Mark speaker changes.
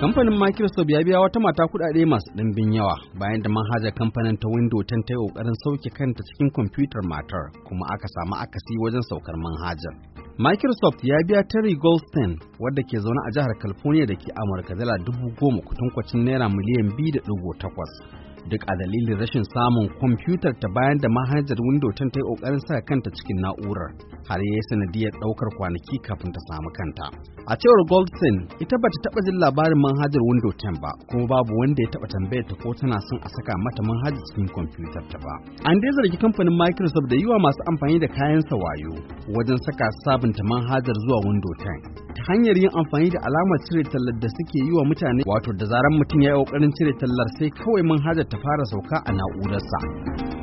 Speaker 1: Kamfanin Microsoft ya biya wata mata kuɗaɗe masu ɗimbin yawa bayan da manhajar kamfanin ta Windows tan ta yi ƙoƙarin sauke kanta cikin kwamfutar matar kuma aka samu akasi wajen saukar manhajar. Microsoft ya biya Terry Goldstein wadda ke zaune a jihar California da ke Amurka dala dubu goma kwacin naira miliyan biyu da duk a dalilin rashin samun kwamfutar ta bayan da manhajar windo ta yi ƙoƙarin sa kanta cikin na'urar har ya yi sanadiyar ɗaukar kwanaki kafin ta samu kanta. A cewar Goldstein, ita bata taɓa jin labarin manhajar windo 10 ba, kuma babu wanda ya taɓa tambayar ta ko tana son a saka mata manhajar cikin kwamfutar ta ba. An dai zargi kamfanin Microsoft da yiwa masu amfani da kayan sa wayo wajen saka sabunta manhajar zuwa windo ta hanyar yin amfani da alamar cire tallar da suke yi wa mutane wato da zaran mutum ya yi ƙoƙarin cire tallar sai kawai manhajar ta fara sauka a na'urarsa.